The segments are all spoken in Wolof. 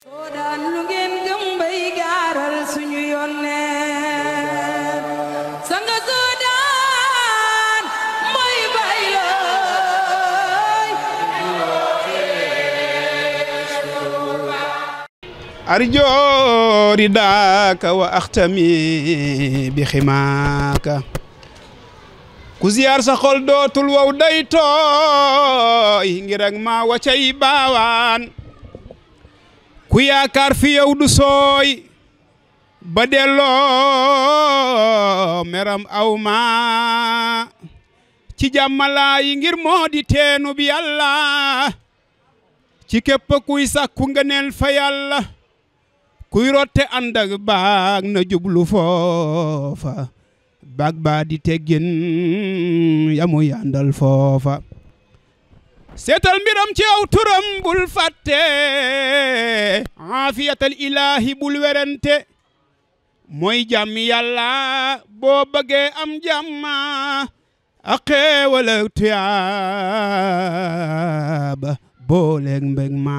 soo daan lu ngeen gëm bay gaaral sanga soo daan mooy bay wa axtami bi ximaaka ku ziyaar sa xol dootul wow day tooy wa cay ku yaakaar fi yow du sooy ba delloo meram aw ci jàmmalaayi ngir moo di teenu bi yàlla ci képp kuy sàkku ngëneel fa yàlla kuy rotte ànd ak baag na jublu foofa baag baa di teggin yamu yàndal foofa seetal mbiram ci aw turam bul fàtte aafiyatal ilaahi bul werante mooy jàmm yàlla boo bëggee am jàmm ak xéewal ak tuyaaba booleeg mbég ma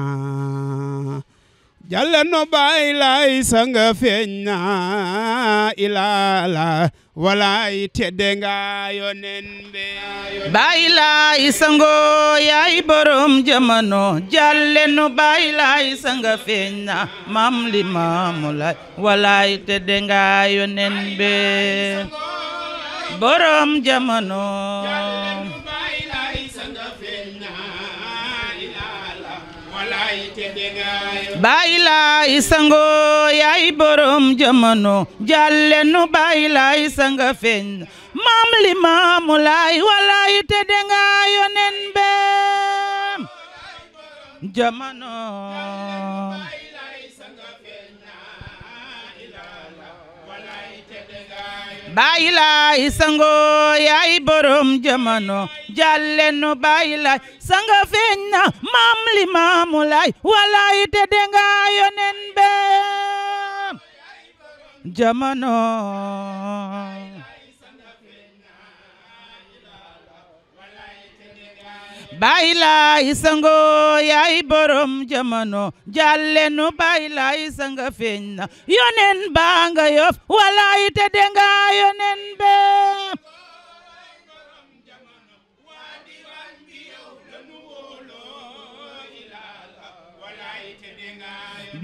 jalla no baay lay sanga feeñ na ilaala walaay tedde nga yonen be baay lay sango yaay borom jamano jalle no baay lay sanga feeñ na mam li maamu lay walaay tedde nga yonen be borom jamano Baay Laay sango yaay borom jamono jàlle nu Baay Laay sanga feeñ maam li maamu laay walaay te danga yonen be jamono bàyyi laay sango yaay borom jamono jàlle nu bàyyi laay sanga feeñ na maam li laay walaay te denga yonen be jamono baay laay sango yaay borom jamono jàlle nu baay laay sanga feeñ na yonen baa nga yof walaay te yonen be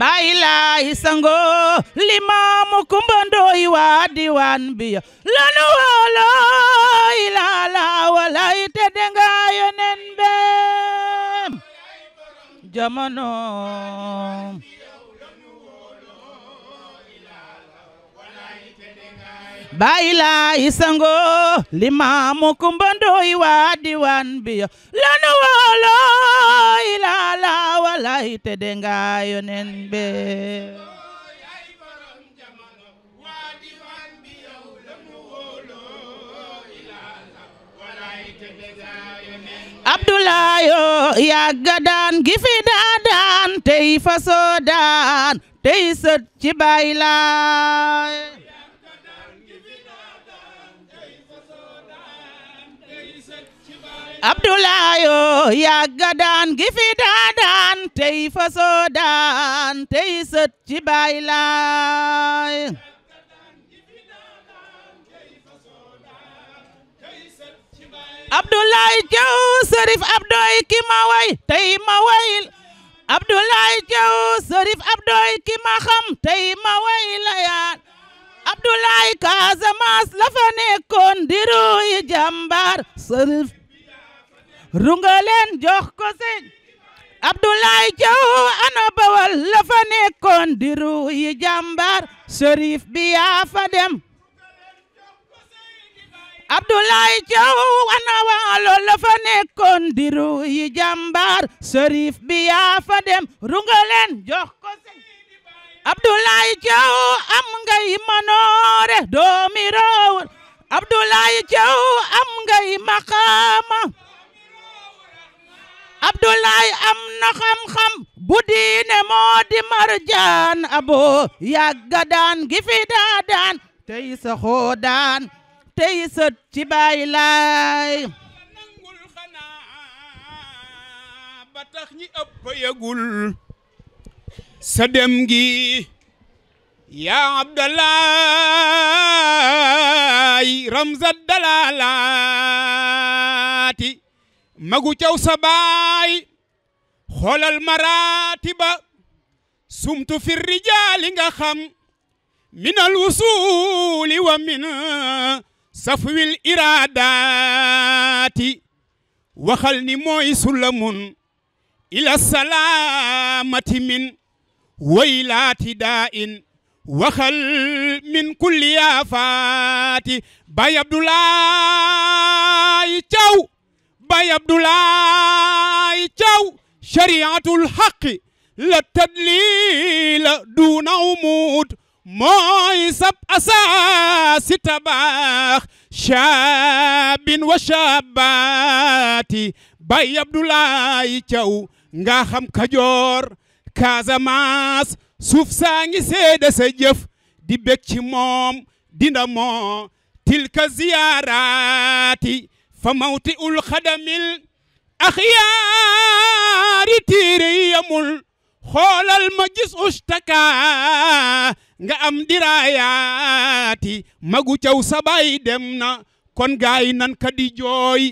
baay laay sango limaamu kumbandooy waa diwaan bi ya jamono baay laay limaamu kumbandooy waa diwaan bi yo lanu woolooy laala walaay te denga yonen Abdoulayo yàgga daan gi daan tey daan tey sët ci baay laay tey sët ci baay laay Abdoulaye Thiaw Serif Abdoy ki ma way tey ma wayil Abdoulaye Thiaw Serif Abdoy ki ma xam tey ma wayila yaan Abdoulaye Casamance la fa nekkoon di ruuy jàmbaar Serif rungaleen jox ko sëñ Abdoulaye Thiaw ana bawal la fa nekkoon di ruuy jàmbaar Serif bi yaa dem Abdoulaye Thiaw wana waa loolu la fa nekkoon diru bi yaa dem rungaleen jox ko sëñ Abdoulaye Thiaw am ngay manoore doomi réew Abdoulaye Thiaw am ngay maqaama Abdoulaye am na xam-xam bu diine moo di marjaan abo yàgga daan gi daa daan tey saxoo daan tey sët ci bàyyi laay gi yaa abdalaay dalalaati magu caw sa baay xoolal maratiba fi rijaali nga xam min al wusuuli wa min سفوي الإرادات وخلني موي سلمون إلى السلامة من ويلات دائن وخل من كل يافات باي عبد الله تشاو باي عبد الله تشاو شريعة الحق لا تدليل دون أمود mooy sab asaasi tabaax shaabin wa shaabaati bay abdoulaye thiaw nga xam kajoor kazamas suuf sangi sede seede sa jëf di bek ci mom dina mo tilka ziyarati fa mawti ul khadamil axiyaari tiire yamul xoolal ma gis ustaka nga am diraayaati magu caw sabay dem na kon gaay nan ka di jooy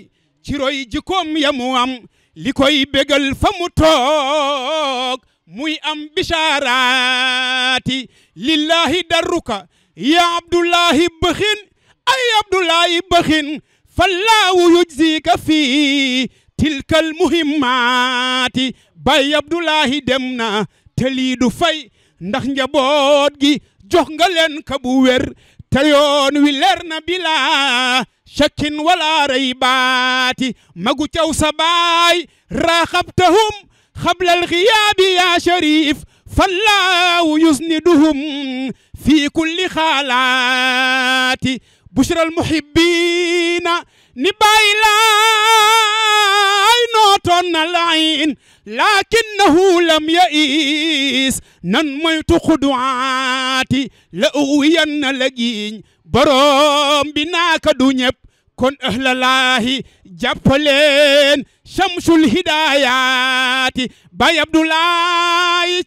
ci roy jikkoom ya mu am li fa mu toog muy am bishaaraati lillahi darruka ya abdullahi bëxin ay abdullahi bëxin fallaahu yujzika fii tilkal muhimmaati bay abdullahi dem na te lii du fay ndax njaboot gi jox nga leen ka bu wi leer bilaa shakkin wala raybaati magu caw sa raaxabtahum xabla alxiyaabi yaa sharif fallaahu yusniduhum fi kulli xaalaati bushra almuhibbiina ni bàyyi laa ظن العين لكنه لم يئس ننميت خدعاتي لأوين لجين برام بناك دنيب كن أهل الله جبلين شمس الهدايات باي عبد الله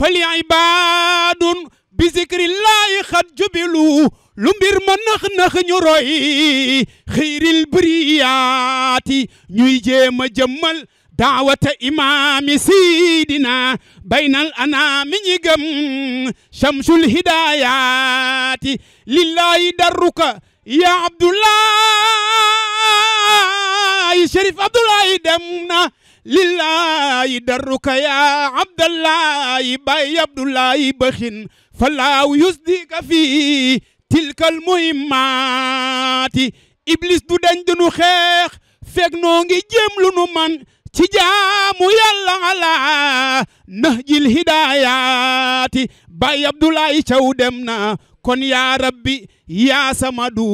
عباد بذكر الله قد جبلوا لمبير مناخ نخ نوروي خير البرياتي نوي جيم جمال دعوة إمام سيدنا بين الأنام نيغم شمس الهدايات لله درك يا عبد الله شريف عبد الله دمنا لله درك يا عبد الله باي عبد الله بخن فلا يصدق فيه tilka al muhimmaati iblis du dañ du nu xeex fekk noo ngi jéem lu nu man ci jaamu yàlla ala nahjil hidaayati bay abdoulaye caw dem na kon yaa rabbi yaa samadu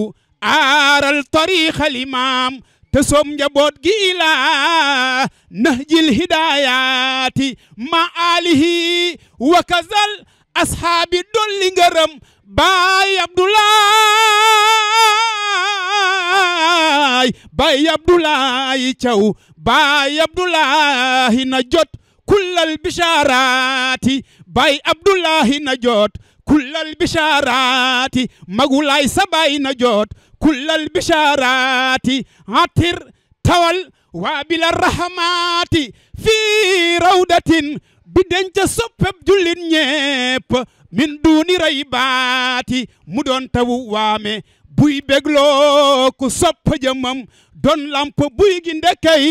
aaral tariixa limaam te soom njaboot gi ilaa nahjil hidaayati ma alihi wa kazal ashaabi dolli ngërëm baay Abdoulaye baay Abdoulaye Thiaw baay Abdoulaye na jot kullal baay Abdoulaye na jot kullal bishaaraati sa baay na jot kullal atir tawal waa bila rahmaati fii di denca soppeb jullit ñépp min duuni ray baati mu doon waame buy bégloo ku sopp jëmam doon buy gi ndekay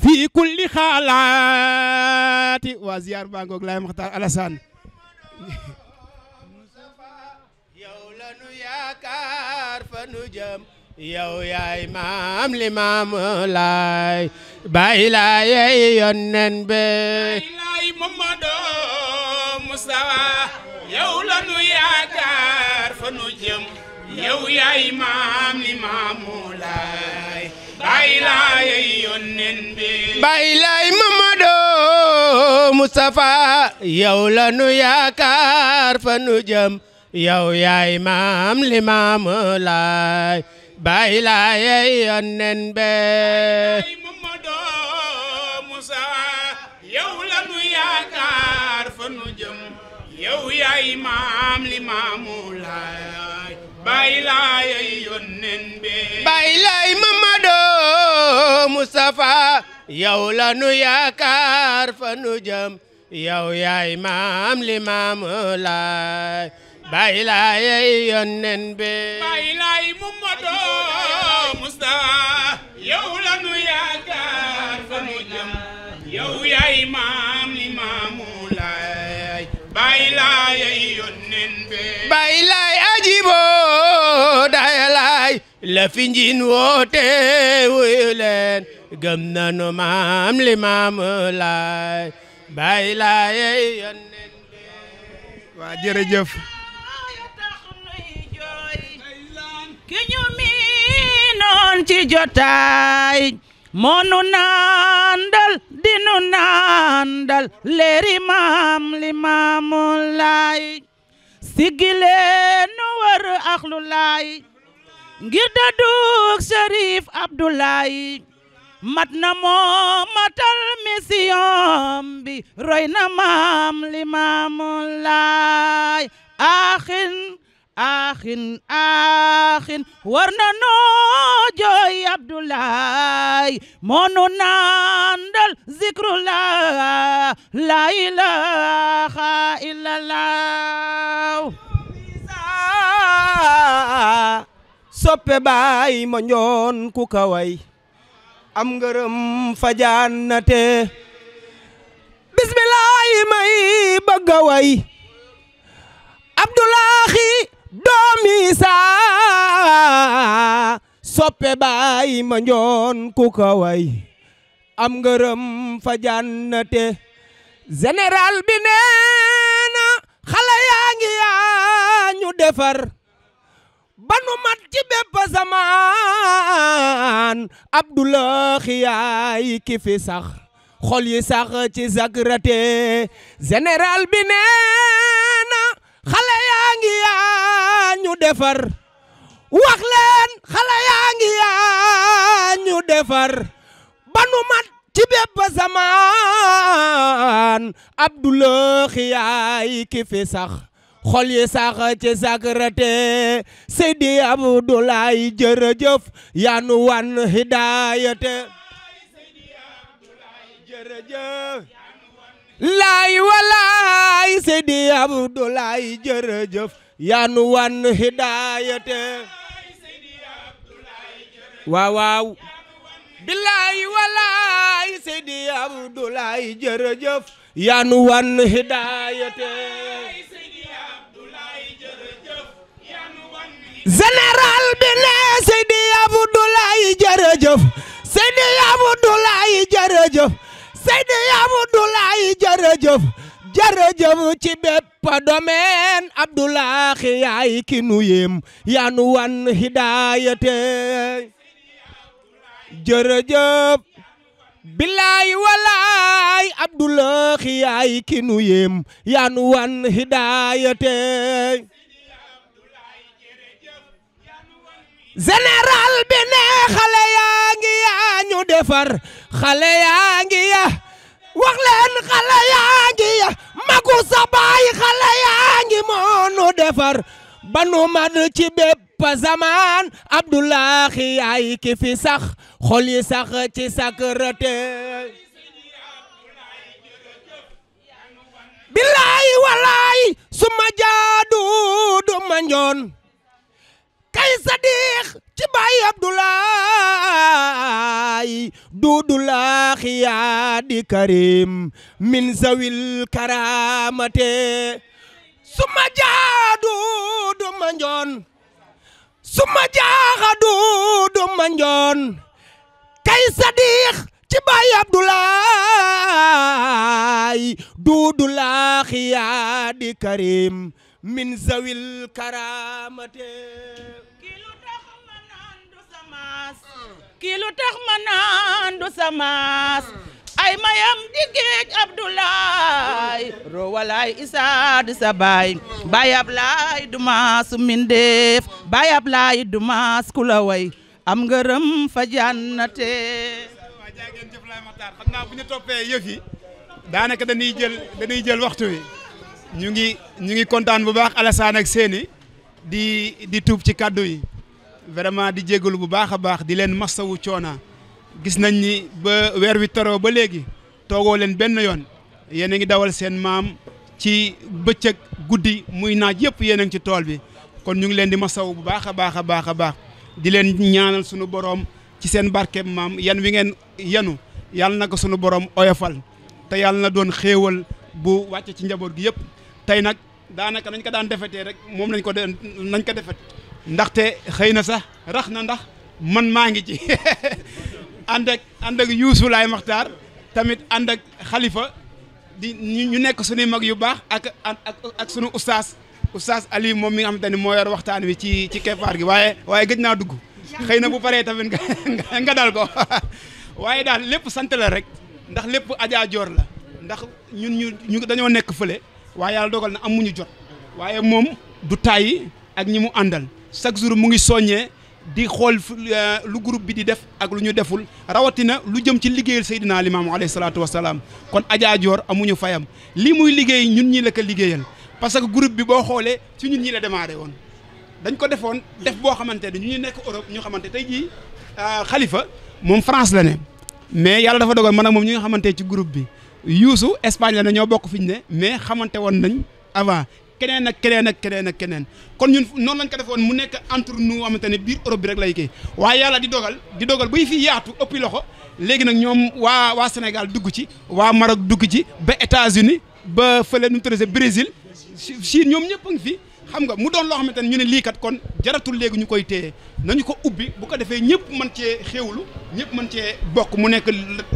fii kulli xaalaati waa ziyaar baa ngoog laay maxtaar Alassane yow yow yaay maam li maam laay baay laay yonnen be laay Mamadu Mustafa yow la nu yaakaar fa nu jëm yow yaay maam li maam laay baay laay yonnen be baay laay Mamadu Mustafa yow la nu yaakaar fa nu jëm yow yaay maam li maam laay bay laaye yonnen be Mamadu Musa yow la nu yaakaar fa nu jëm yow yaay maam li maamu laay bay laay Mamadu Mustafa yow la nu yaakaar maamu laay bàyyi laay yónneen bi bàyyi laay Muhammadu Mustafa yow la nu yaakaar fa nu jëm yow yaay maam ni maamu laay bàyyi laay yónneen bi bàyyi laay ajiboo daaya laay la fi njiin woote wuyu leen gëm nanu maam li maamu laay bàyyi laay yónneen bi waa jërëjëf ki ñu miinoon ci jotaay moo nu naandal di nu naandal leeri maam li maamu laay siggileen nu wër axlu laay ngir da duug Cherif mat na moo matal mission bi roy na maam li maamu laay aaxin aaxin war na noo jooy Abdoulaye moo nu nandal zikrullah la ilaha illallah soppe baay ma njoon ku kaway am ngërëm fa jannate bismillahi may bëgga way Abdoulahi doomi saa soppe baay ma njoon ku ko way am ngërëm fa jànnate général bi nee na yaa ngi yaa ñu defar ba nu mat ci bépp zamaan Abdoulahi yaay ki fi sax xol yi sax ci zakrate général bi nee xale yaa ngi yaa ñu defar wax xale yaa ngi yaa ñu defar ba nu mat ci bépp zamaan Abdoulahi yaay ki fi sax xol yi sax ci sakrate Seydi Abdoulahi jërëjëf yaa nu wan hidaayate Seydi Abdoulahi jërëjëf laay walaay Seydi Abdoulaye jërëjëf yaa wan hidaayate waaw bi ne Seydi Abdoulaye jërëjëf Seydi Abdoulaye jërëjëf Seydi Abdoulaye jërëjëf jërëjëf ci bépp domaine Abdoulaye yaay ki nu yéem yaa wan hidaayate jërëjëf bilaay walaay Abdoulaye yaay ki nu yéem yaa wan hidaayate général bi ne xale yaa ngi yaa ñu defar xale yaa ngi ya wax xale yaa ngi ya magu sa xale yaa ngi moo defar ba mad ci bépp zaman Abdoulahi yaay ki fi sax xol yi sax ci sakrate billaay walaay su ma ma njoon kay sadiq ci baay abdoulaay duudulaaxi yaa di min zawil karamate suma jaadu du ma njoon suma jaaxadu du ma njoon kay sadiq ci baay abdoulaay duudulaaxi yaa di min zawil karamate ki lu tax ma naan du samaas ki lu tax ma naan du samaas ay mayam di géej Abdoulaye roowalaay isaa di sa baay baay Ablaay du maas mindeef baay Ablaay du maas ku way am ngërëm fa jànnate waa jaageen jëf laay Maxtaar xam naa bu ñu toppee yëf yi daanaka dañuy jël dañuy jël waxtu wi ñu ngi ñu ngi kontaan bu baax Alassane ak seeni di di tuub ci kàddu yi vraiment di jégalu bu baax a baax di leen masawu coona gis nañ ni ba weer wi taroo ba léegi toogoo leen benn yoon yéen a ngi dawal seen maam ci bëccëg guddi muy naaj yëpp yéen a ngi ci tool bi kon ñu ngi leen di masawu bu baax a baax a baax a baax di leen ñaanal sunu borom ci seen barkeeb maam yan wi ngeen yanu yàlla na ko sunu borom oyofal te yàlla na doon xéewal bu wàcce ci njaboot gi yëpp. tey nag daanaka nañ ko daan defetee rek moom lañ ko de nañ ko defet ndaxte xëy na sax rax na ndax man maa ngi ci ànd ak ànd ak Youssou Laye Makhtar tamit ànd ak Khalifa di ñu nekk sunuy mag yu baax ak ak ak sunu ustaas ustaas Aliou moom mi nga xamante ne moo yor waxtaan wi ci ci keppaar gi waaye waaye gëj naa dugg xëy na bu paree tamit nga nga dal ko waaye daal lépp santale rek ndax lépp ajaajoor la ndax ñun ñu ñu dañoo nekk fële waaye yàlla dogal na am amuñu jot waaye moom du tàyyi ak ñi mu àndal chaque jour mu ngi soññee di xool euh, lu groupe bi di def ak lu ñu deful rawatina lu jëm ci liggéeyal Seydina Limaamu alayhi salaatu wasalaam kon Adja Dior amuñu fayam lii muy liggéey ñun ñi la ko liggéeyal parce que groupe bi boo xoolee ci ñun ñi la démarré woon dañ ko defoon def boo xamante ne ñu ñu nekk Europe ñu xamante tey jii xalifa euh, moom France la ne mais yàlla dafa dogal man ak moom ñi nga xamante ci groupe bi yuusu Espagne la ne ñoo bokk fi ñu ne mais xamante woon nañ avant keneen ak keneen ak keneen ak keneen kon ñun noonu lañ ko def mu nekk entre nous xamante ne biir Europe bi rek lay kii waaye yàlla di dogal di dogal buy fi yaatu ëppi loxo léegi nag ñoom waa waa Sénégal dugg ci waa Maroc dugg ci ba États-Unis ba fële nu mu si Brésil Chine ñoom ñëpp ngi fi. xam nga mu doon loo xamante ni ñu ne lii kat kon jaratul léegi ñu koy téye nañu ko ubbi bu ko defee ñëpp man cee xéewlu ñëpp mën cee bokk mu nekk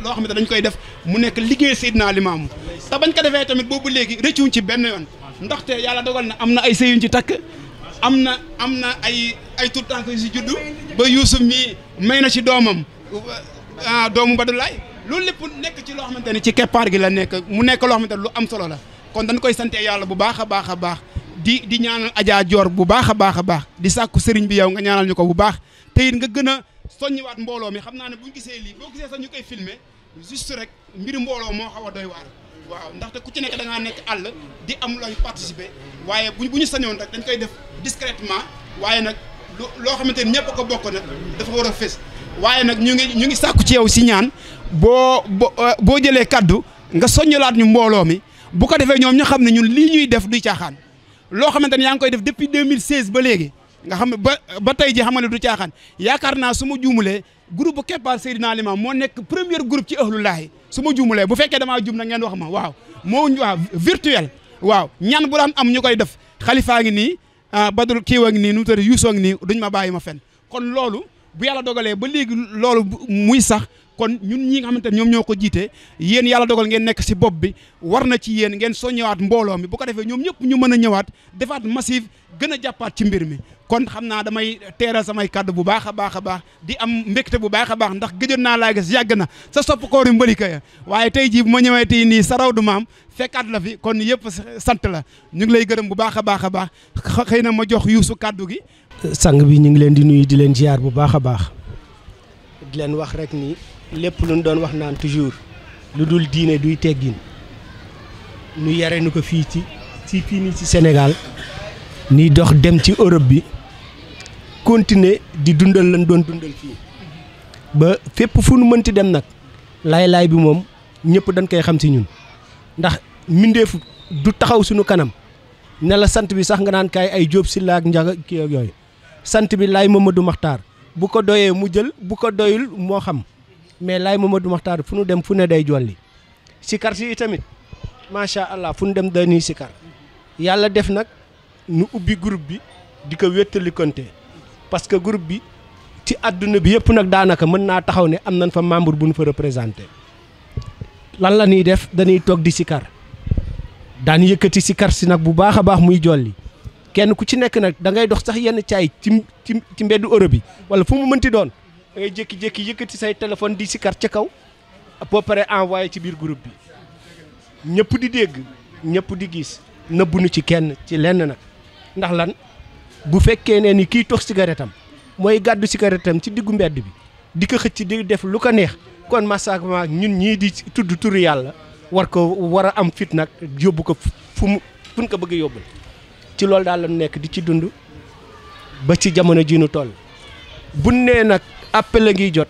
loo xamante dañu koy def mu nekk liggéey Seydina Limaamu te bañ ko defee tamit boobu léegi rëccuñ ci benn yoon ndaxte yàlla dogal na am na ay sëyuñ ci takk am na am na ay ay tout temps que si juddu ba Yuusuf mi may na ci doomam ah doomu Badulaay loolu lépp nekk ci loo xamante ne ci keppaar gi la nekk mu nekk loo xamante ne lu am solo la kon dañu koy sante yàlla bu baax a baax a baax di di ñaanal Adja bu baax a baax a baax di sàkku sëriñ bi yow nga ñaanal ñu ko bu baax te it nga gën a soññiwaat mbooloo mi xam naa ne bu ñu gisee lii boo gisee sax ñu koy filmer juste rek mbir mbooloo moo xaw a doy waaw ndaxte ku ci nekk da ngaa àll di am looy participer waaye bu bu ñu sañoon rek dañ koy def discrètement waaye nag loo xamante ni ñëpp ko bokk nag dafa war a fës waaye nag ñu ngi ñu ngi sàkku ci yow si ñaan boo euh, boo jëlee kaddu nga soññalaat ñu mbooloo mi bu ko defee ñoom ñu xam ne ñun lii ñuy def duy caaxaan loo xamante ne yaa ngi koy def depuis 2016 ba léegi nga xam ba ba tey ji xam nga ne du caaxaan yaakaar naa su ma juumulee groupe bu Keppaar Seydina Limaam moo nekk premier groupe ci ahlullaahi su ma juumulee bu fekkee damaa jum na ngeen wax ma waaw moo waaw virtuel waaw ñan bu daan am ñu koy def xalifaa ngi nii ah, badul kiiwa ngi nii nu mu tëdd yuusoo ngi nii duñ ma bàyyi ma fen kon loolu bu yàlla dogalee ba léegi loolu muy sax kon ñun ñi nga xamante ne ñoom ñoo ko jiite yéen yàlla dogal ngeen nekk si bopp bi war na ci yéen ngeen soo ñëwaat mbooloo mi bu ko defee ñoom ñëpp ñu mën a ñëwaat defaat massif gën a jàppaat ci mbir mi kon xam naa damay teeral samay kàddu bu baax a baax a baax di am mbégte bu baax a baax ndax gëjoon naa laa gis yàgg na sa sopp kooru mbëri ka ya waaye tey jii bu ma ñëwee tey nii sa raw du maam fekkaat la fi kon yëpp sant la ñu ngi lay gërëm bu baax a baax a baax xëy na ma jox yuusu kàddu gi sang bi ñu ngi leen di nuyu di leen ziar bu baax a baax di leen wax rek ni lépp lu ñu doon wax naan toujours lu dul diine duy teggin nu yare nu ko fii ci ci fii nii ci Sénégal ni dox dem ci Europe bi continuer di dundal lan doon dundal fii ba fépp fu nu mënti dem nag laay-laay bi moom ñëpp dañ koy xam ci ñun ndax mbindeef du taxaw suñu kanam ne la sant bi sax nga naan kaay ay jóob si laak njaga kii yooyu sant bi Laye Mamadou maxtar bu ko doyee mu jël bu ko doyul moo xam mais Laye Mamadou Makhtar fu nu dem fu ne day jolli sikar si itamit macha allah fu nu dem dañuy sikar yàlla def nag nu ubbi groupe bi di ko wéttali konte parce que groupe bi ci àdduna bi yëpp nag daanaka mën naa taxaw ne am nañ fa membre bu ñu fa représenté lan la ñuy def dañuy toog di si sikar daan yëkkati sikar si nag bu baax a baax muy jolli kenn ku ci nek nak da ngay dox sax yenn caay ci ci mbeddu Europe bi wala fu mu meunti doon da ngay jekki jekki yëkkati say téléphone di sikar ci kaw peu près envoyer ci bir groupe bi ñepp di dégg ñepp di gis nëbbuñu ci kenn ci lenn nak ndax lan bu fekkee ne ni ki tox cigarettam mooy gàddu cigarettam ci diggu mbedd bi di ko ci di def lu ko neex kon massacrement ñun ñi di tuddu turu yalla war ko wara am fit nak yobbu ko fu mu fu ko bëgg yobbu ci loolu daal la nekk di ci dund ba ci jamono ji nu toll bu nee nag appel la ngiy jot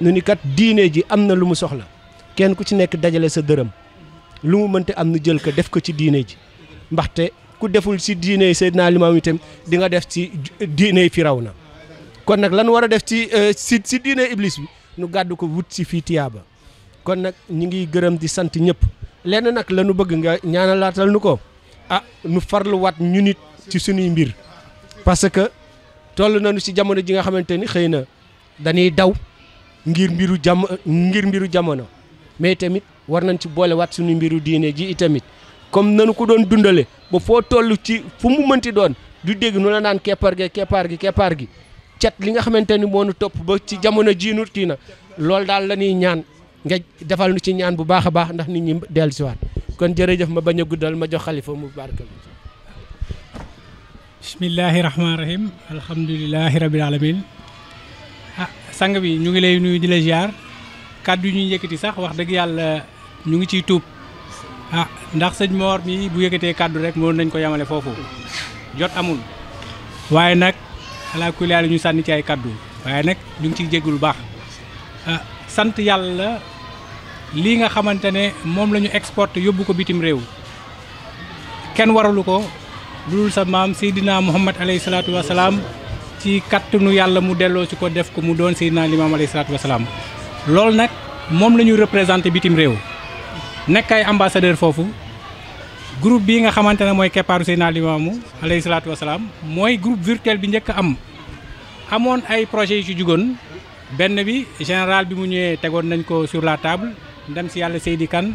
nu ni kat diine ji am na lu mu soxla kenn ku ci nekk dajale sa dërëm lu mu mënte am nu jël ko def ko ci diine ji ndaxte ku deful si diine yi Seydina Limaamu itam di nga def ci diine yi na kon nag lan war a def ci si euh, si diine Iblis bi nu gàdd ko wut si fii Tiyaaba kon nag ñu ngi gërëm di sant ñëpp lenn nag lanu bëgg nga ñaanalaatal nu ko. a ah, nu farluwaat ñu nit ci suñuy mbir parce que toll nañu ci jamono ji nga xamante ni xëy na dañuy daw ngir mbiru jam ngir mbiru jamono mais tamit war nañ ci boolewaat suñu mbiru diine ji itamit comme nanu ko doon dundale ba foo toll ci fu mu mënti doon du dégg nu la naan keppaar gi keppaar gi keppaar gi cet li nga xamante ni moo nu topp ba ci jamono jii nu kii na loolu daal la ñuy ñaan nga defal nu ci ñaan bu baax a baax ndax nit ñi dellusiwaat kon jaf ma baña guddal ma jox khalifa mu barkal bismillahirrahmanirrahim alhamdulillahi rabbil alamin ah sang bi ñu ngi lay nuyu di la ziar kaddu ñu yëkëti sax wax deug yalla ñu ngi ci tuup ah ndax señ Mor mi bu yëkkatee kaddu rek mo nañ ko yamalé fofu jot amul waye nak ala kulli ñu sanni ci ay kaddu waye nak ñu ngi jéggul bax ah sant yalla lii nga xamante ne moom la ñu exporté yóbbu ko bitim réew kenn waralu ko lu dul sa maam Seydina Muhammad alayhi salaatu ci kattanu yàlla mu delloo si ko def ko mu doon Seydina Limaam alayhi salaatu wa salaam loolu nag moom la ñu représenté bitim réew nekk ay ambassadeur foofu groupe bii nga xamante ne mooy keppaaru Seydina Limaamu alayhi salaatu salaam mooy groupe virtuel bi njëkk am amoon ay projets yu ci jugoon benn bi général bi mu ñëwee tegoon nañ ko sur la table ndem si yàlla Seydi Kane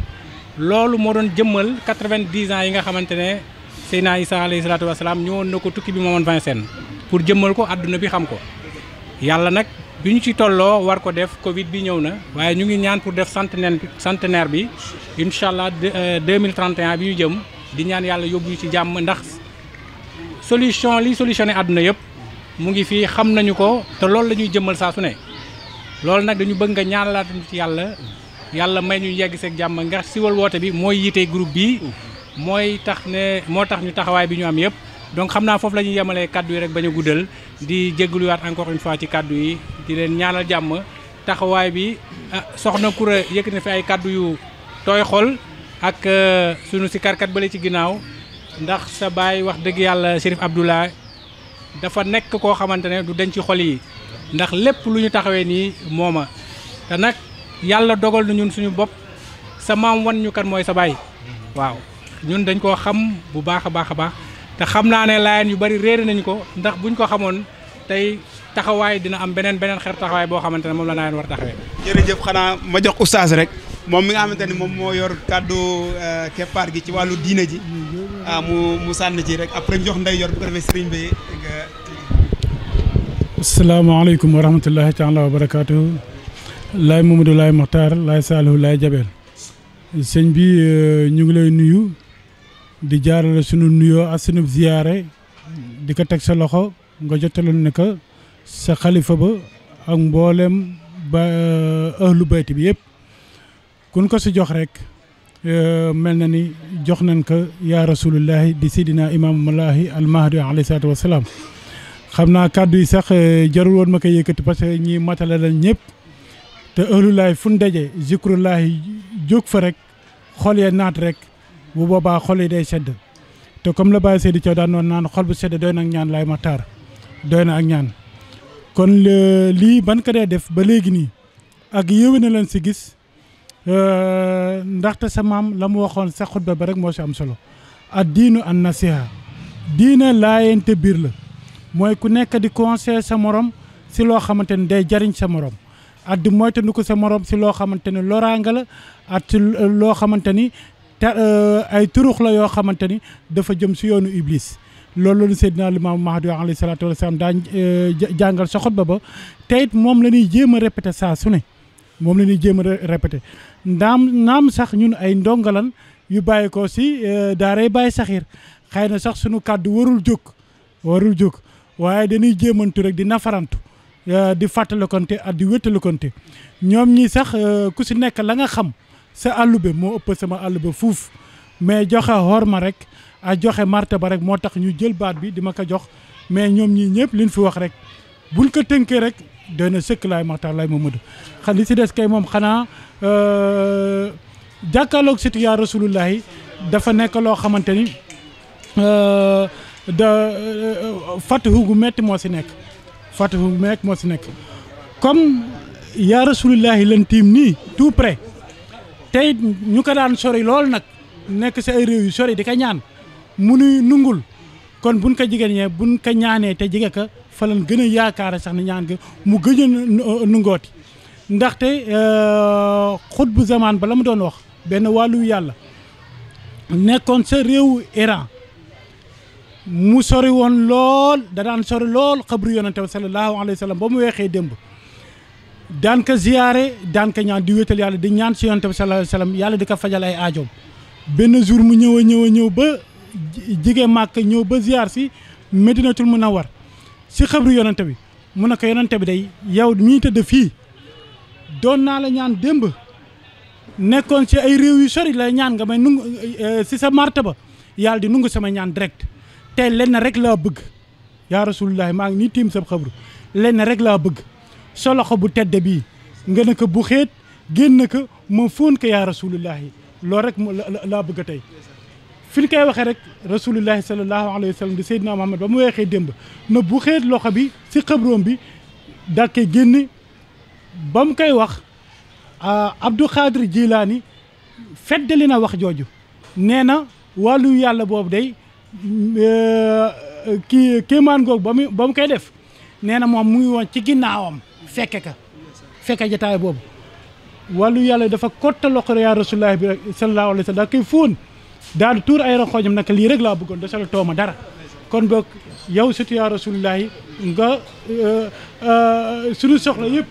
loolu moo doon jëmmal 90 ans yi nga xamante ne Seydina Isa alayhi salaatu wasalaam ñëwoon na ko tukki bi moomoon Vincennes pour jëmmal ko àdduna bi xam ko yàlla nag bi ñu ci tolloo war ko def Covid bi ñëw na waaye ñu ngi ñaan pour def centenaire centenaire bi incha allah 2031 euh, bi ñu jëm di ñaan yàlla yóbbu ci jàmm ndax solution li solutionné àdduna yëpp mu ngi fii xam nañu ko te loolu la ñuy jëmmal saa su ne loolu nag dañu bëgg nga ñaanalaat ci yàlla yalla may ñu yegg seeg jàmm ndax siwal wote bi moy yité groupe bi moy mm. tax né motax ñu taxaway bi ñu am yépp donc xamna fofu lañu yamalé ñuy kaddu yi rek baña guddal di wat encore une fois ci kaddu yi di len ñaanal jamm taxaway bi ah, soxna kure, yëkk na fi ay kaddu yu toy xol ak euh, sunu si karkat balé ci ginaaw ndax sa bay wax deug yalla cheikh abdullah dafa nek ko xamantene ne du denc xol yi ndax lepp luñu taxawé ni moma mooma nak yàlla dogal na ñun suñu bopp sa maam wan ñu kan mooy sa baay waaw ñun dañ koo xam bu baax a baax a baax te xam naa ne laayeen yu bari réere nañu ko ndax buñ ko xamoon tey taxawaay dina am beneen beneen xeer taxawaay boo xamante ne moom la naa laayeen war taxawee. jërëjëf xanaa ma jox oustaz rek moom mi nga xamante ne moom moo yor kàddu euh, keppaar gi ci wàllu diine ji ah, mu mu sànni ci rek après jox nday yor bu ko defee sëriñ bi nga. asalaamaaleykum wa rahmatullahi taala wa barakaatu. laay Mamadou laay Maxtaar laay Saalihu laay Jabel sëñ bi euh, ñu ngi lay nuyu di jaarale sunu nuyoo ak sunu ziyaare di ko teg sa loxo nga jottaloon ne que sa xalifa ba ak mboolem ba euh, ahlu bayti bi yëpp kun ko si jox rek euh, mel na ni jox nañ ko yaa rasulullahi di sidina imaamu malaahi almahdi alayhi salaatu wasalaam xam naa kàddu yi sax jarul woon ma koy yëkkati parce que ñi matale lañ ñëpp te ëllulaay fuñ dajé zikrullahi jóg fa rek xol ya naat rek bu boba xol yi day sedd te comme la baye Seydou ciow da non nan xol bu sedd doy ak ñaan lay ma tar doy na ak ñaan kon li ban ka day def ba légui ni ak yéwé na leen si gis euh, ta sa mam lam waxon sa khutba ba rek mo ci am solo ak diinu an nasiha diine laayente bir la moy ku nekk di conseil sa morom ci lo xamantene day jariñ sa morom at di moytandiku sa morom si lo xamanteni loranga la at lo xamanteni eh, ay turukh la yo xamanteni dafa jëm ci yoonu iblis loolu la sayyidina imam mahdi alayhi salatu wassalam da eh, jangal sa khutba ba te mom moom la ñuy jéem a répété saa su la a répété ndaam sax ñun ay ndongalan yu bàyyi ko si eh, daaray saxir xeyna sax suñu kaddu warul juk warul juk waye dañuy rek di nafarantu Euh, di fàttalikonte ak di wéttalikonte ñoom ñii sax euh, ku si nekk la nga xam sa àllube moo ëpp sama àllube fuuf mais joxe ma rek a joxe marta ba rek moo tax ñu jël baat bi di ma ko jox mais ñoom ñii ñëpp liñ fi wax rek buñ ko tënkee rek doy na sëkk laay lay laay Mamadou xam li si des kay moom xanaa euh, jàkkaarloog situ yaa rasulullahi dafa nekk loo xamante ni da fatihu gu metti moo si nekk fàttali bu meek moo si nekk comme yaa rasulillahi leen tiim nii tout près tey ñu ko daan sori lool nag nekk sa ay réew yu sori di ko ñaan mu nuy nungul kon buñ ko jigéen ñee buñ ko ñaanee te jige ko fa lan gën a yaakaare sax ni ñaan ga mu gëj nu euh, nungooti ndaxte euh, xut bu zamaan ba la mu doon wax benn wàllu yàlla nekkoon sa réew Iran mu sori woon lool da daan sori lool xabru yonente bi sallallahu alayhi wa sallam ba mu weexee démb daan ko ziyaare daan ko ñaan di wéetal yàlla di ñaan si yonente bi sallallahu alayhi yàlla di ko fajal ay aajoom benn jour mu ñëw a ñëw ba jigee màkk ñëw ba ziyaar si medinatul war si xabru yonente bi mu ne ko yonente bi day yow mii tëdd fii doon naa la ñaan démb nekkoon si ay réew yu sori la ñaan nga may nungu eh, si sa ba yàlla di nungu sama ñaan tey lenn rek laa bëgg yaa rasulullahi maa ngi nii tiim sab xabru lenn rek laa bëgg sa loxo bu tedd bii nga ko bu xeet génn ko ma fóon ko yaa rasulullahi loolu rek laa bëgg a tey fi ñu koy waxee rek rasulullahi sallallahu alayhi wa sallam di Seydina Muhammad ba mu weexee démb na bu xeet loxo bi si xabroom bi daal koy génn ba mu koy wax Abdou Khadir Jilaani feddali na wax jooju nee na wàllu yàlla boobu dey Euh, kii kéemaan googu ba mu ba mu koy def nee na moom mu ngi woon ci ginnaawam fekke ka fekke jataay boobu wàllu yàlla dafa kotta loxo yaa rasulullahi bi rek sallallahu alayhi wa sallam daa koy fóon daal di tuur ay ranxoojam naka lii rek laa bëggoon da sala tooma dara kon boog yow surtout yaa rasulullahi nga euh, euh, suñu soxla yépp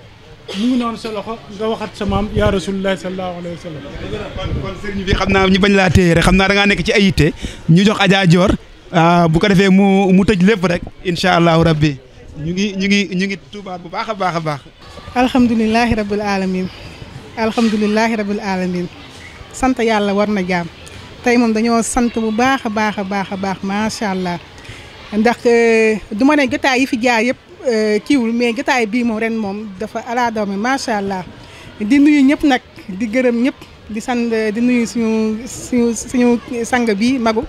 mu ngi noonu sa loxo nga waxat sa maam yaa rasulullah sallallahu alayhi wa sallam. kon sëriñ bi xam naa ñu bañ laa téye rek xam naa da ngaa nekk ci ay yitte ñu jox Adja Dior ah, bu ko defee mu mu tëj lépp rek incha allahu rabbi ñu ngi ñu ngi ñu ngi tuubaat bu baax a baax a baax. alhamdulilahi rabil alamin alhamdulilahi rabil alamin sant yàlla war na jaam tey moom dañoo sant bu baax a baax a baax a baax macha allah ndax eh, du ma ne jotaay yi fi jaar yëpp. Eh, kiiwul mais jotaay bii moom ren moom dafa ala doome macha allah di nuyu ñëpp nag di gërëm ñëpp di sant di nuyu suñu suñu suñu sang bi magu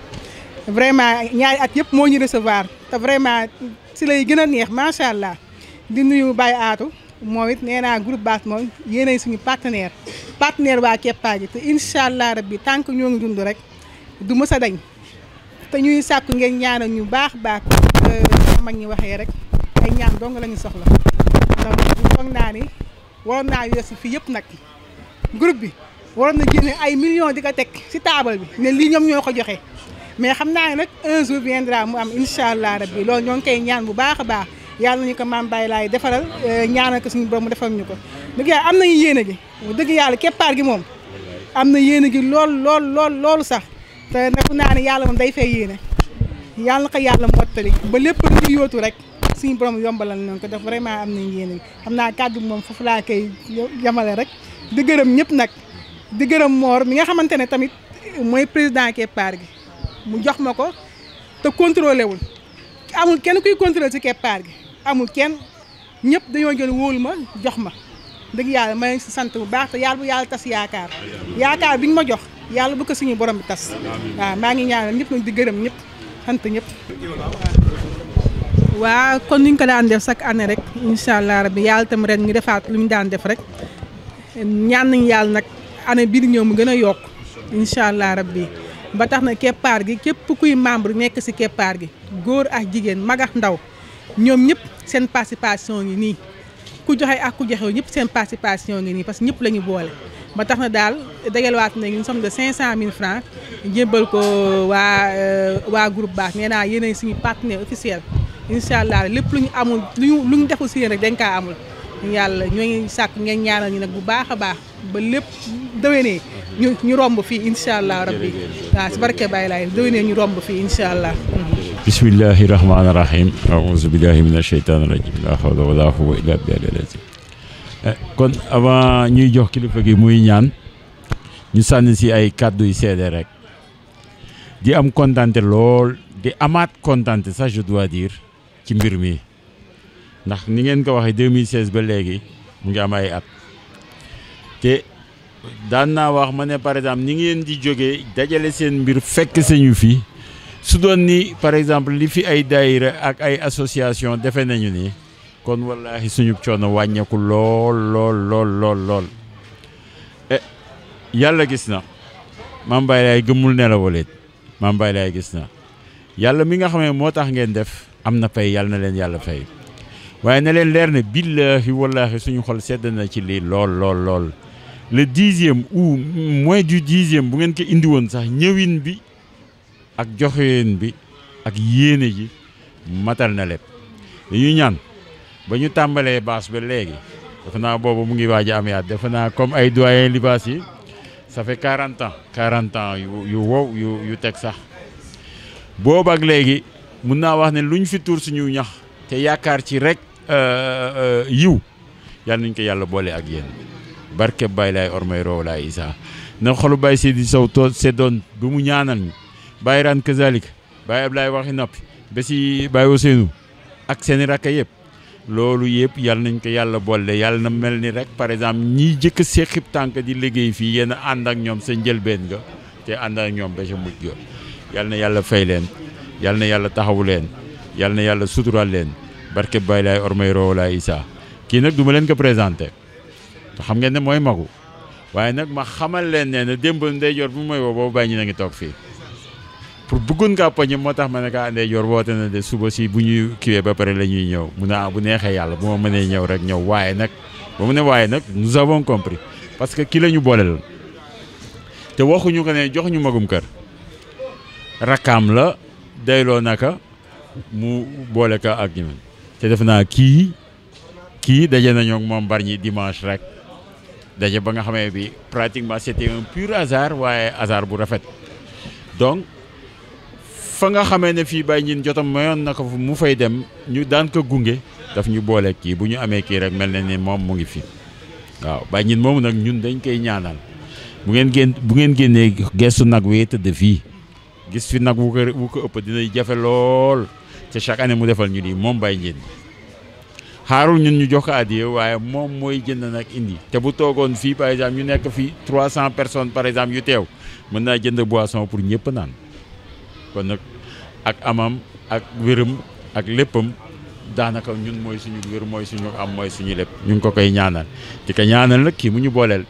vraiment ñaari at yëpp moo ñu recevoir te vraiment si lay gën a neex macha allah di nuyu Baye Aatu moom it nee naa groupe Bass moom yéenay suñu partenaire partenaire waa Kepa ji te incha allah rabbi tant que ñoo ngi dund rek du mës a dañ te ñuy sàkku ngeen ñaanal ñu baax baax mag ñi waxee rek. dong lañu ñu soxla donc foog naa ni waroon naa weesu fii yëpp nag groupe bi waroon na génne ay millions di ko teg si taabal bi ne lii ñoom ñoo ko joxe mais xam naa ne rek un jour viendra mu am incha allah rabbi loolu ñoo ngi koy ñaan bu baax a baax yàlla nañu ko maam Baye lay defaral euh, ñaanal ko suñu borom mu defal ñu ko. dëgg yàlla am nañu yéene gi dëgg yàlla keppaar gi moom am na yéene gi lool lool lool loolu sax te nag naa ne yàlla moom day fay yéene yàlla na ko yàlla mottali ba lépp rek. suñu borom yombalal nañ ko def vraiment am nañ yéene xam naa kàddu moom foofu laa koy yamale rek di gërëm ñëpp nag di gërëm moor mi nga xamante ne tamit mooy président keppaar gi mu jox ma ko te contrôlé wul amul kenn kuy contrôlé ci keppaar gi amul kenn ñëpp dañoo jël wóolu ma jox ma dëgg yàlla ma leen si sant bu baax te yàlla bu yàlla tas yaakaar yaakaar bi ñu ma jox yàlla bu ko suñu borom bi tas waaw maa ngi ñaanal ñëpp nag di gërëm ñëpp ñëpp wa kon niñ ko daan def chaque année rek incha allah rabi yàlla tam ren ñu defaat lu ñu daan def rek ñaan nañ yàlla nag année bii di ñëw mu gën a allah rabi ba tax na keppaar gi képp kuy membre nekk si keppaar gi góor ak jigéen mag ak ndaw ñoom ñëpp sen participation ngi nii ku joxe ak ku joxe ñëpp seen participation ngi nii parce que ñëpp boole ba tax na daal dajalewaat nañu une somme de francs ko euh, groupe suñu partenaire officiel incha allah lépp lu ñu amul lu ñu deful si yéen rek dañ kaa amul yàlla ñoo ngi sàkk ngeen ñaanal ñu nag bu baax a baax ba lépp déwénee ñu romb fii incha allah rabbi waaw si barke Baye Laay déwénee ñu romb fii incha allah bismillahi rahmaani rahim aouzu billahi min asheytaan rajim laa hawla wala quwwata illa billahi eh, kon avant ñuy jox kilifa gi muy ñaan ñu sànni si ay kàddu yu seede rek di am kontante lool di amaat kontante sa je ci mbir mi ndax ni ngeen ko waxee 2016 ba léegi mu ngi am ay at te daan naa wax ma ne par exemple ni ngeen di jógee dajale seen mbir fekk sañu fi su doon ni par exemple li fi ay daayira ak ay association defe nañu ni kon wallaahi suñu coono wàññeeku lool lool lool lool e, yàlla gis na Mame Mbaye Laye gëmmul ne la waleet gis na yàlla mi nga xam moo tax ngeen def amna fay yalla na len yalla fay waye na len leer ne suñu xol sedd ci li lol. le dixième ou moins du dixième bu ngeen ko indi won sax ñewin bi ak joxeen bi ak yene ji matal na ñaan bañu tambalé comme ay doyen ça fait 40 ans 40 ans yu yu wow yu sax mun naa wax ne lu ñu fi tuur suñu ñax te yaakaar ci rek euh, euh, yiw yàlla nañ ko yàlla boole ak yéen barkeb Baye lay ormay roow laay Isa na xolu Baye Seydi Sow too seddoon bu mu ñaanal ñu Baye Ran Kazalik Baye Ablaye waxi noppi ba si Baye Ousseynou ak seeni i rakk yëpp loolu yëpp yàlla nañ ko yàlla boole yàlla na mel ni rek par exemple ñiy jëkk seqib tànk di liggéey fii yéen ànd ak ñoom sa njëlbeen nga te ànd ak ñoom ba sa mujj ga na yàlla fay leen. yal na yàlla taxawu leen yal na yàlla suturaal leen barke Baye Laay Ormay Roolaay Isa kii nag du ma leen ko présenté te xam ngeen ne mooy magu waaye nag ma xamal leen ne ne démb ndeyjoor bu may woo boobu baay ñu na ngi toog fii pour bëggoon kaa poñi moo tax ma ne kaa ndeyjoor woote na de suba si bu ñuy kiwee ba pare la ñuy ñëw mu ne ah, bu neexee yàlla bu ma mënee ñëw rek ñëw waaye nag ba mu ne waaye nag nous avons compris parce que kii la ñu booleel waxuñu ko ne magum kër dayloo naka mu boole ka ak ñi te def naa kii kii daje nañoo ak moom Bargny dimanche rek daje ba nga xamee bi pratiquement c'était un pur hasard waaye hasard bu rafet donc fa nga xamee ne fii bay ñin jotam mayoon na ko mu fay dem ñu daan ko gunge daf ñu boole kii bu ñu amee kii rek mel na ni moom mu ngi fi waaw bay ñin moomu nag ñun dañ koy ñaanal bu ngeen génn bu ngeen génnee gestu nag wee tëdd fii gis fi nak wu ko wu ko ëpp dinay jafé lool te chaque année mu défal ñu di mom bay Ndiéne xaarul ñun ñu jox ko waye mom moy jënd nak indi té bu togon fi par exemple ñu nekk fi 300 personnes par exemple yu tew mën na jënd boisson pour ñëpp naan kon nak ak amam ak wéram ak léppam daanaka ñun moy suñu wër moy suñu am moy suñu lepp ñu ko koy ñaanal di ko ñaanal nak ki mu ñu bolel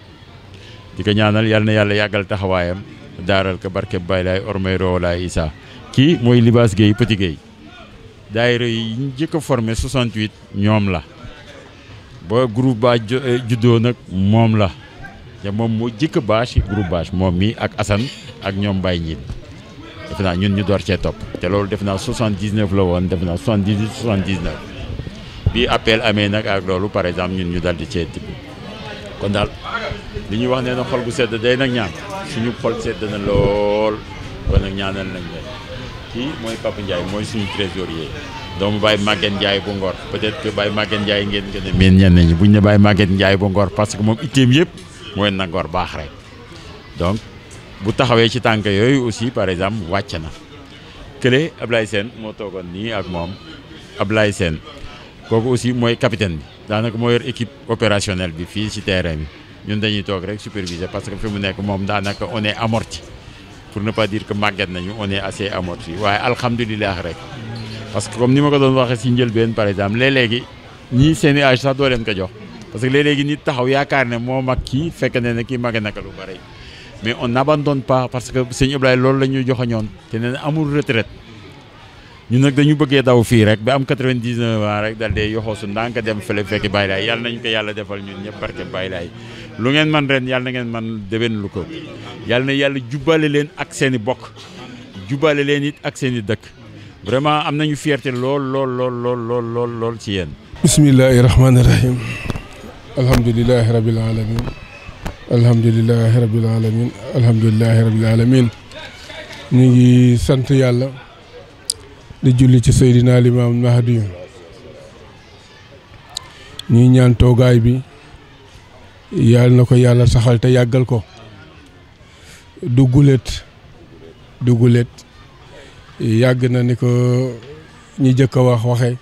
di ñaanal yalla na yalla yagal taxawayam daaral ka barkeb Baay Laay ormay Roolaay Issa kii mooy Libaas Guèye Petit Guèye daayira yi ñu njëkk a formé ñoom la ba groupe bâche eh, juddoo nag moom la te moom moo jëkk a bâche yi groupe bâche moom mii ak Assane ak ñoom Baye ñiit def naa ñun ñu door cee topp te loolu def naa 79 la woon def naa 78 79 bi appel amee nag ak loolu par exemple ñun ñu dal di cee tibb kon daal li ñuy wax nee na xol bu sedd day nak ñaan suñu xol sedd na lool kon nag ñaanal nañ leen ki moy Papa ndjay moy suñu trésorier doomu bay Maguette ndjay bu Ngor peut-être que bay Maguette ndjay ngeen gën a meen ñenn ñi buñ ne Baye Maguette Ndiaye bu Ngor parce que moom itteem yépp mooy na Ngor baax rek donc bu taxawee ci tànk yooyu aussi par exemple wàcc na kële Ablaye Sène moo toogoon nii ak moom Ablaye sen kooku aussi mooy capitaine bi daanaka moo yor équipe opérationnelle bi fii ci terrain bi ñun dañuy toog rek superviser parce que fi mu nekk moom daanaka on est amorti pour ne pas dire que màgget nañu on est assez amorti waaye alhamdulilah rek. parce que comme ni ma ko doon waxee si njëlbeen par exemple léeg-léegi ñii seen i âge sax doo leen ko jox parce que léeg-léegi nit taxaw yaakaar ne moo mag kii fekk ne ne kii màgge naka lu bari mais on n'abandonne pas parce que sëñ Ibrahima loolu la joxo joxoñoon te nee na amul retraite ñun nag dañu bëggee daw fii rek ba am 99 ans rek dal dee yoxoosu ndànk dem fekki bàyyi laay yàlla nañ yàlla defal ñun ñëpp barke bàyyi laay lu ngeen man ren yàlla na ngeen man déwén lu ko yàlla na yàlla jubale leen ak seeni bokk jubale leen it ak seeni dëkk vraiment am nañu fierté lool lool lool lool lool lool lool ci yéen bismillahi rahmaani rahim alhamdulilahi rabil alamin alhamdulilahi rabil alamin alhamdulilahi rabil ñu ngi sant yàlla di julli ci Seydina Limaam Mahdi ñuy ñaan toogaay bi yàlla na ko yàlla saxal te yàggal ko du guléet du guléet yàgg na ni ko ñi jëkk a wax waxe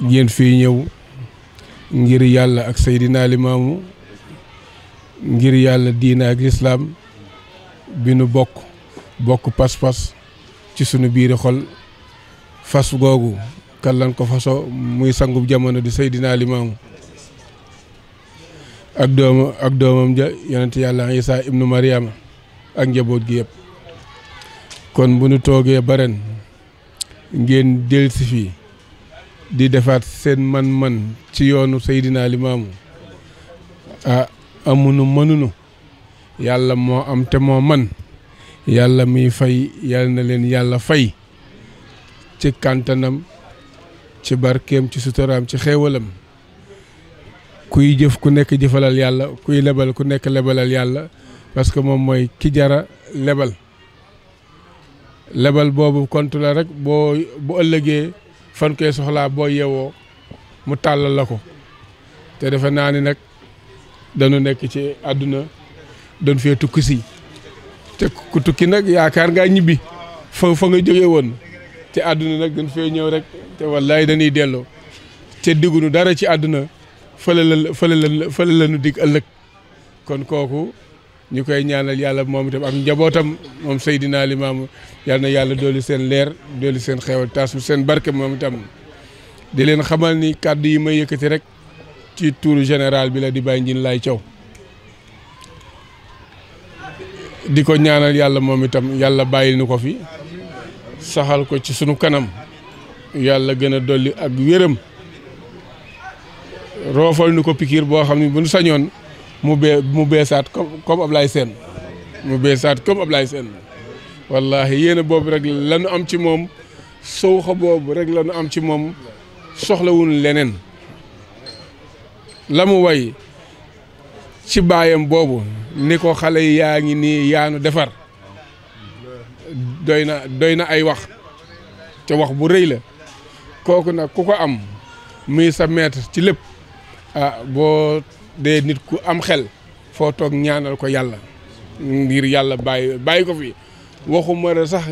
ngeen fii ñëw ngir yàlla ak Seydina Limaamu ngir yàlla diina ak lislaam bi nu bokk bokk pas-pas ci sunu biiri xol fas googu kan ko faso muy sangub jamono di Seydina Limaamu ak dooma ak doomam ja yonent yàlla Isaa ibnu Mariama ak njaboot gi yëpp kon bu nu toogee ba ngeen delsi fii di defaat seen man-man ci yoonu Seydina Limaamu ah amunu mënunu yàlla moo am te moo man yàlla miy fay yàlla na leen yàlla fay ci kàntanam ci barkeem ci suturaam ci xéewalam kuy jëf ku nekk jëfalal yàlla kuy lebal ku nekk lebalal yàlla parce que moom mooy ki jara lebal lebal boobu kont la rek boo bu ëllëgee fan koy soxlaa boo yewoo mu tàllal la ko te defe naa ni nag dañu nekk ci àdduna doon fee tukki si te ku tukki nag yaakaar ngaa ñibbi fa fa nga jógee woon te àdduna nag dañ fee ñëw rek te wallaay dañuy delloo te digunu dara ci àdduna fële la fële la fële la nu dig ëllëg kon kooku ñu koy ñaanal yàlla moom itam ak njabootam moom Seydina Limaamu yal na yàlla dooli seen leer dooli seen xeewal taasu seen barke moom itam di leen xamal ni kàddu yi may yëkkati rek ci tuuru général bi la di bàyyi njin laay caw di ko ñaanal yàlla moom itam yàlla bàyyi nu ko fi saxal ko ci sunu kanam yàlla gën a dolli ak wéram roofal nu ko pikiir boo xam ne bu nu sañoon mu bee mu beesaat comme comme Ablaye Sène mu beesaat comme Ablaye Sène seen yéen a boobu rek lanu am ci moom sowxa boobu rek la am ci moom soxlawul leneen la mu way ci baayam boobu ni ko xale yi yaa ngi nii yaanu defar doy na doy na ay wax te wax bu rëy la kooku nag ku ko am muy sa maître ci lépp ah boo dee nit ku am xel foo toog ñaanal ko yàlla ngir yàlla bàyyi bàyyi ko fi waxuma la sax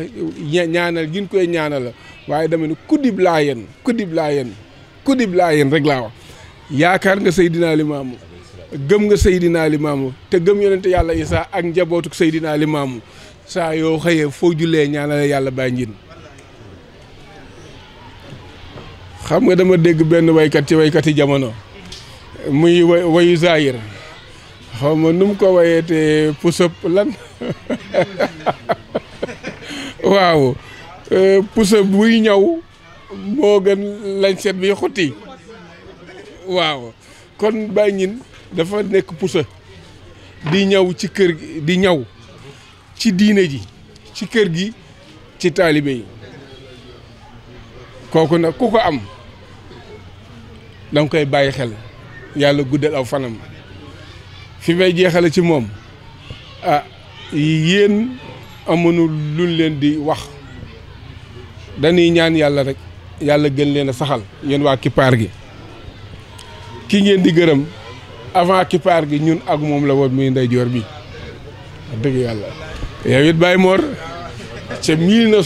ñaanal gin koy ñaanal la waaye dama ne kudib laa yéen kudib laa yéen kudib laa yéen rek laa wax yaakaar nga Seydina Limaamu gëm nga Seydina Limaamu te gëm yonente yàlla Isaa ak njabootuk Seydina Limaamu saa yoo xëyee foo jullee ñaanal yàlla bàyyi njin xam nga dama dégg benn waykat ci waykati jamono muy wayu zahir xaw ma nu mu ko wayee te pusëb lan waaw e, pusëb buy ñaw moo gën lañset bi xuti waaw kon Baye dafa nekk pusa di ñëw ci kër di ñëw ci diine ji ci kër gi ci taalibe yi kooku nag ku ko am danga koy bàyyi xel yàlla guddal aw fanam fi may jeexale ci moom a ah yéen amuñu luñ leen di wax dañuy ñaan yàlla rek yàlla gën leen a saxal yéen waa kipaar gi ki ngeen di gërëm avant kippaar gi ñun ak moom la woon muy ndeyjoor bi wax dëgg yàlla yow it Baye Mor ca mille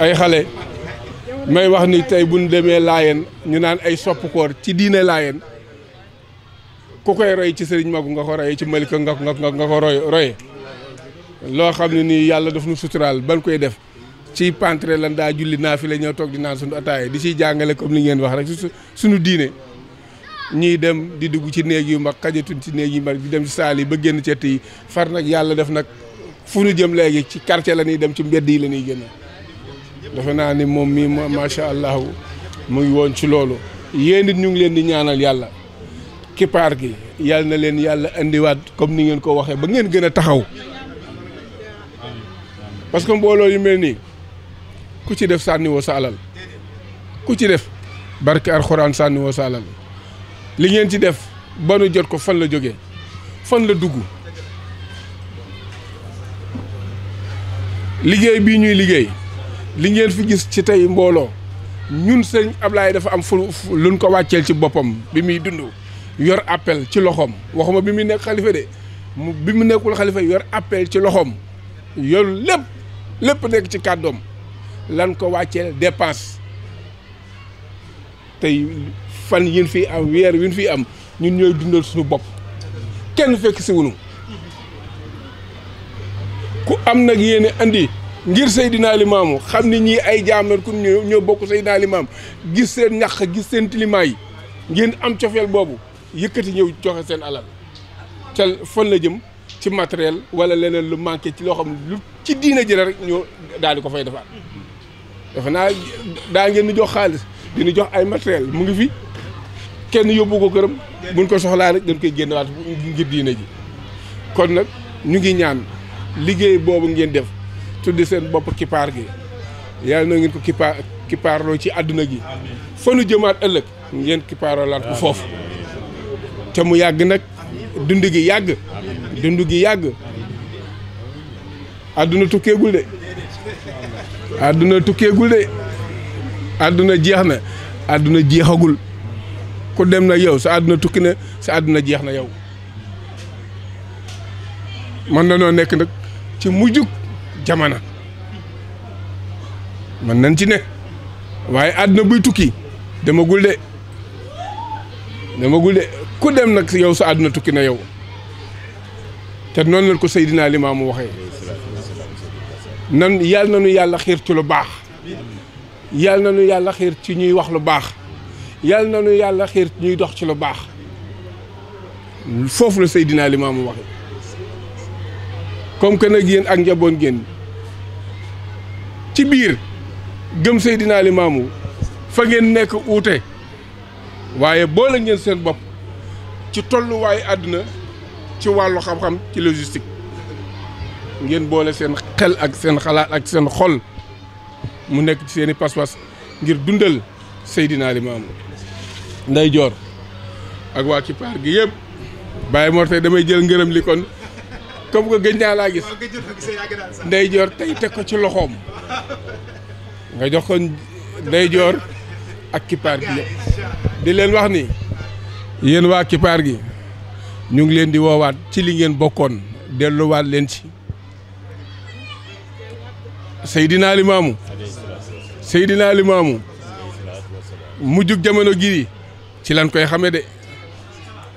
ay xale may wax ni tey bu ñu demee laayeen ñu naan ay sopp koor ci diine laayeen ku koy roy ci sëriñ magu nga ko royee ci malika nga nga nga ko roy loo xam ne nii yàlla def nu suturaal ban koy def ci pantre lan daa julli naa fi la ñëw toog di naan suñu ataaya di ciy jàngale comme li ngeen wax rek suñu diine ñuy dem di dugg ci néeg yu mag xajatuñ ci néeg yu mag di dem ci saal ba génn cet yi far nag yàlla def nag fu ñu jëm léegi ci quartier la ñuy dem ci mbedd yi la ñuy génn defe naa ni moom mii macha allah mu ngi woon ci loolu. yéen it ñu ngi leen di ñaanal yàlla kippaar gi yàlla na leen yàlla indiwaat comme ni ngeen ko waxee ba ngeen gën a taxaw parce que mbooloo yi mel nii ku ci def sànniwoo sa alal ku ci def barke alxuraan sànniwoo sa alal li ngeen ci def ba nu jot ko fan la jóge fan la dugg liggéey bi ñuy liggéey. li ngeen fi gis ci tey mbooloo ñun sëñ Ablaye dafa am fu luñ ko wàcceel ci boppam bi muy dund yor appel ci loxoom waxuma bi muy nekk xalifa de mu bi mu nekkul xalifa yor appel ci loxoom yor lépp lépp nekk ci kàddoom lan ko wàcceel dépense te fan yin fi am weer yin fi am ñun ñooy dundal suñu bopp kenn fekk si wunu ku am nag yéene andi ngir Seydina Limaamu xam ni ñii ay jaamen ku ñoo bokk Seydina Limaam gis seen ñax gis seen tilimaa yi ngeen am cofeel boobu yëkkati ñëw joxe seen alal ca fon la jëm ci matériel wala leneen lu manqué ci loo xam lu ci diina jële rek ñoo daa di ko fay defaat dafa naa daa ngeen di jox xaalis dina jox ay matériel mu ngi fi kenn yóbbu ko këram buñ ko soxlaa rek dañ koy génnewaat ngir diina ji kon nag ñu ngi ñaan liggéey boobu ngeen def tuddi seen bopp kippaar gi yàlla na ngeen ko kippaar ci àdduna gi fa nu jëmaat ëllëg ngeen kippaaroo laat ko foofu te mu yàgg nag dund gi yàgg dund gi yàgg àdduna tukkeegul de àdduna tukkeegul de àdduna jeex na àdduna jeexagul ku dem na yow sa àdduna tukki na sa àdduna jeex na yow mën na noo nekk nag ci mujjug jamana mën nañ ci ne waaye àdduna buy tukki demagul de demagul de ku dem nag yow sa àdduna tukki na yow te noonu la ko Seydina Limaamu waxee nan yàlla na nu yàlla xiir ci lu baax yàlla na nu yàlla xiir ci ñuy wax lu baax yàlla na nu yàlla xiir ñuy dox ci lu baax foofu la Seydina Limaamu waxee comme que nag yéen ak njaboon ngeen ci biir gëm Seydina Limaamu fa ngeen nekk uute waaye boole ngeen seen bopp ci tolluwaayu àdduna ci wàllu xam-xam ci logistique ngeen boole seen xel ak seen xalaat ak seen xol mu nekk ci seeni paspas ngir dundal Seydina Limaamu Ndey Joor ak waa ci Kippaar gi yëpp Baye Mor tey damay jël ngërëm li kon. comme que gëj naa laa gis ndeyjoor tey teg ko ci loxoom nga jox ko ndeyjoor ak kippaar gi di leen wax ni yéen waa kippaar gi ñu ngi leen di woowaat ci li ngeen bokkoon delluwaat leen ci Seydina Limaamu Seydina Limaamu mujjug jamono gii ci lañ koy xame de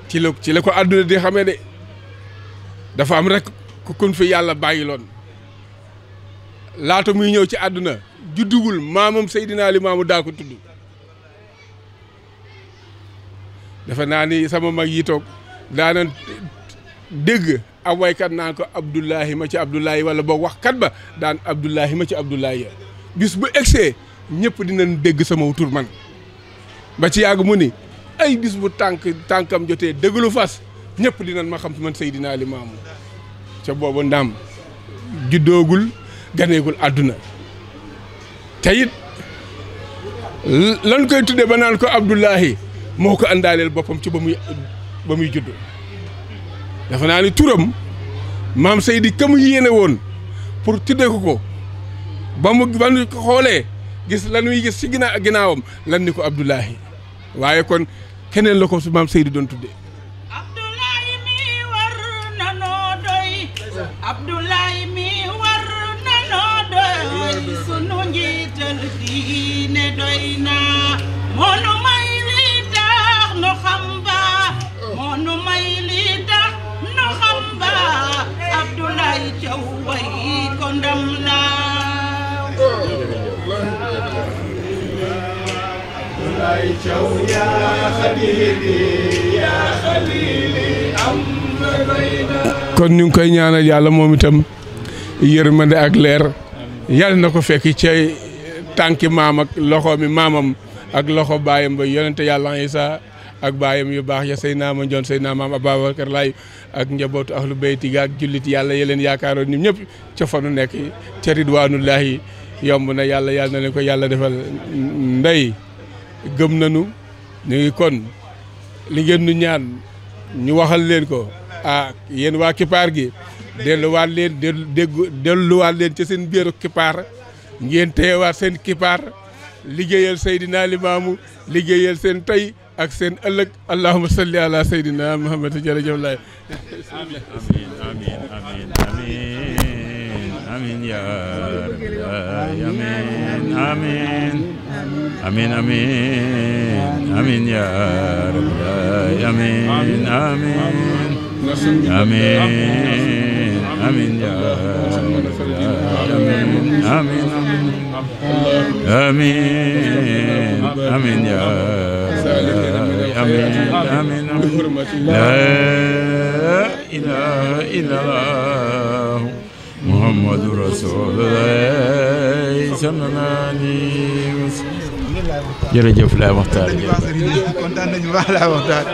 ci la ci la ko àdduna di xame de dafa am rek ku kun fi yàlla bàyyiloon laata muy ñëw ci àdduna juddugul maamam Seydina Limaamu daa ko tudd dafa naa ni sama mag yitoog toog daana dégg ab waykat naan ko Abdullahi ma ci Abdullahi wala boog waxkat ba daan Abdullahi ma ci Abdullahi ya bis bu egsee ñëpp dinañ dégg sama tur man ba ci yàgg mu ni ay bis bu tànk tànkam jotee déglu fas ñëpp dinañ ma xam man Seydina Limaamu ca boobu ndam juddoogul ganeegul àdduna te it lan koy tudde ba naan ko Abdullahi moo ko àndaaleel boppam ci ba muy ba muy judd dafa naa ni turam maam Seydi ka mu yéene woon pour tudde ko ko ba mu ba mu xoolee gis lan muy gis ci ginnaaw ginnaawam lan ni ko Abdullahi waaye kon keneen la ko su maam Seydi doon tudde Abdoulaye mi war na noo doy sunu njiital diine doy na moo nu may li tax nu xam ba moo nu may li tax nu xam ba Abdoulaye Thiaw way ko ndam la Abdoulaye Thiaw yaa xaliili yaa xaliili am na doy na kon ñu ngi koy ñaanal yàlla moom itam yërmande ak leer yàlla na ko fekk ca tànki maam ak loxo mi maamam ak loxo baayam ba yonente yàlla Isaa ak baayam yu baax ya say naama jon say naa maam Ababacar Laay ak njabootu ak lu ga ak jullit yàlla ya leen yaakaaroon ñun ñëpp ca fanu nekk ca ridwaanullaahi yomb na yàlla yàlla na leen ko yàlla defal ndey gëm nanu ñu ngi kon li ngeen nu ñaan ñu waxal leen ko ah yéen waa kippaar gi delluwaat leen déggu leen ci seen biiru kippaar ngeen teewaat seen kippaar liggéeyal Seydina Limaamu liggéeyal seen tey ak seen ëllëg allahuma salli ala Seydina Muhammad jërëjëf laay amiin amiin amiin amiin amiin yaa rabbi amiin amiin amiin amiin آمين آمين يا آمين آمين آمين آمين يا آمين آمين لا إله إلا الله محمد رسول الله صلى الله عليه وسلم jërëjëf laa waxtaan jërëjëf kontaan nañu baax laa waxtaan